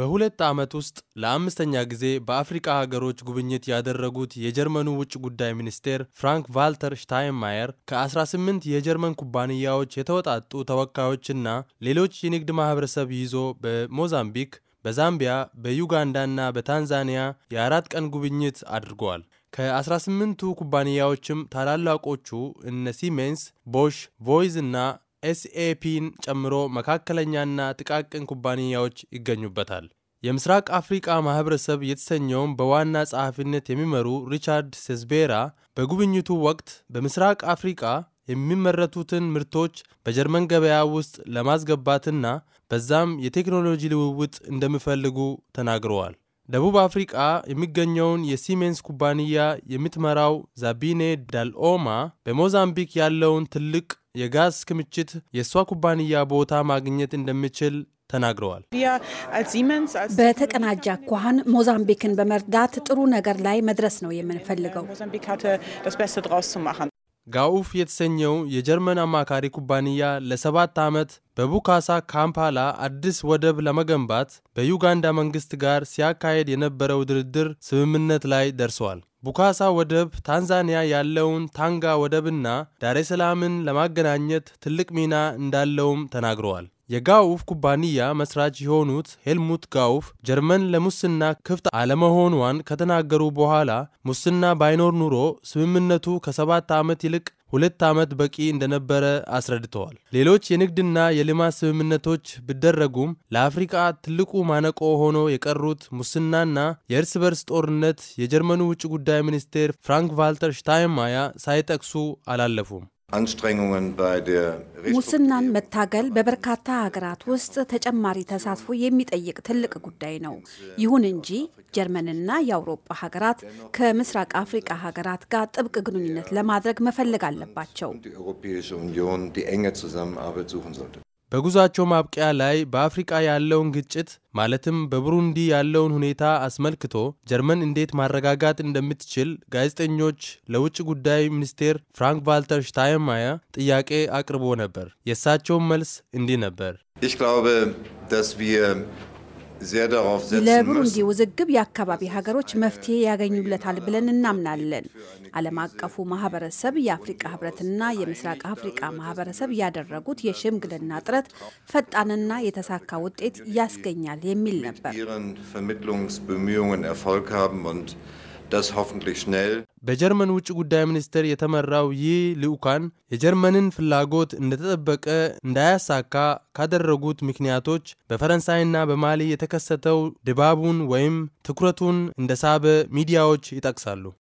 በሁለት ዓመት ውስጥ ለአምስተኛ ጊዜ በአፍሪቃ ሀገሮች ጉብኝት ያደረጉት የጀርመኑ ውጭ ጉዳይ ሚኒስቴር ፍራንክ ቫልተር ሽታይንማየር ከ18 የጀርመን ኩባንያዎች የተወጣጡ ተወካዮችና ሌሎች የንግድ ማህበረሰብ ይዞ በሞዛምቢክ፣ በዛምቢያ፣ በዩጋንዳና በታንዛኒያ የአራት ቀን ጉብኝት አድርገዋል። ከ18ቱ ኩባንያዎችም ታላላቆቹ እነ ሲሜንስ፣ ቦሽ፣ ቮይዝ እና ኤስኤፒን ጨምሮ መካከለኛና ጥቃቅን ኩባንያዎች ይገኙበታል። የምስራቅ አፍሪቃ ማህበረሰብ የተሰኘውን በዋና ጸሐፊነት የሚመሩ ሪቻርድ ሴዝቤራ በጉብኝቱ ወቅት በምስራቅ አፍሪቃ የሚመረቱትን ምርቶች በጀርመን ገበያ ውስጥ ለማስገባትና በዛም የቴክኖሎጂ ልውውጥ እንደሚፈልጉ ተናግረዋል። ደቡብ አፍሪቃ የሚገኘውን የሲሜንስ ኩባንያ የምትመራው ዛቢኔ ዳልኦማ በሞዛምቢክ ያለውን ትልቅ የጋዝ ክምችት የእሷ ኩባንያ ቦታ ማግኘት እንደሚችል ተናግረዋል። በተቀናጀ አኳኋን ሞዛምቢክን በመርዳት ጥሩ ነገር ላይ መድረስ ነው የምንፈልገው። ጋኡፍ የተሰኘው የጀርመን አማካሪ ኩባንያ ለሰባት ዓመት በቡካሳ ካምፓላ አዲስ ወደብ ለመገንባት በዩጋንዳ መንግስት ጋር ሲያካሄድ የነበረው ድርድር ስምምነት ላይ ደርሰዋል። ቡካሳ ወደብ ታንዛኒያ ያለውን ታንጋ ወደብና ዳሬሰላምን ለማገናኘት ትልቅ ሚና እንዳለውም ተናግረዋል። የጋውፍ ኩባንያ መስራች የሆኑት ሄልሙት ጋውፍ ጀርመን ለሙስና ክፍት አለመሆኗን ከተናገሩ በኋላ ሙስና ባይኖር ኑሮ ስምምነቱ ከሰባት ዓመት ይልቅ ሁለት ዓመት በቂ እንደነበረ አስረድተዋል። ሌሎች የንግድና የልማት ስምምነቶች ቢደረጉም ለአፍሪቃ ትልቁ ማነቆ ሆኖ የቀሩት ሙስናና የእርስ በርስ ጦርነት የጀርመኑ ውጭ ጉዳይ ሚኒስቴር ፍራንክ ቫልተር ሽታይንማያ ሳይጠቅሱ አላለፉም። ሙስናን መታገል በበርካታ ሀገራት ውስጥ ተጨማሪ ተሳትፎ የሚጠይቅ ትልቅ ጉዳይ ነው። ይሁን እንጂ ጀርመንና የአውሮፓ ሀገራት ከምስራቅ አፍሪቃ ሀገራት ጋር ጥብቅ ግንኙነት ለማድረግ መፈለግ አለባቸው። በጉዟቸው ማብቂያ ላይ በአፍሪቃ ያለውን ግጭት ማለትም በቡሩንዲ ያለውን ሁኔታ አስመልክቶ ጀርመን እንዴት ማረጋጋት እንደምትችል ጋዜጠኞች ለውጭ ጉዳይ ሚኒስቴር ፍራንክ ቫልተር ሽታይንማየ ጥያቄ አቅርቦ ነበር። የእሳቸውን መልስ እንዲህ ነበር። ለቡሩንዲ ውዝግብ የአካባቢ ሀገሮች መፍትሄ ያገኙለታል ብለን እናምናለን። ዓለም አቀፉ ማህበረሰብ፣ የአፍሪቃ ህብረትና የምስራቅ አፍሪቃ ማህበረሰብ ያደረጉት የሽምግልና ጥረት ፈጣንና የተሳካ ውጤት ያስገኛል የሚል ነበር። በጀርመን ውጭ ጉዳይ ሚኒስቴር የተመራው ይህ ልዑካን የጀርመንን ፍላጎት እንደተጠበቀ እንዳያሳካ ካደረጉት ምክንያቶች በፈረንሳይና በማሊ የተከሰተው ድባቡን ወይም ትኩረቱን እንደሳበ ሚዲያዎች ይጠቅሳሉ።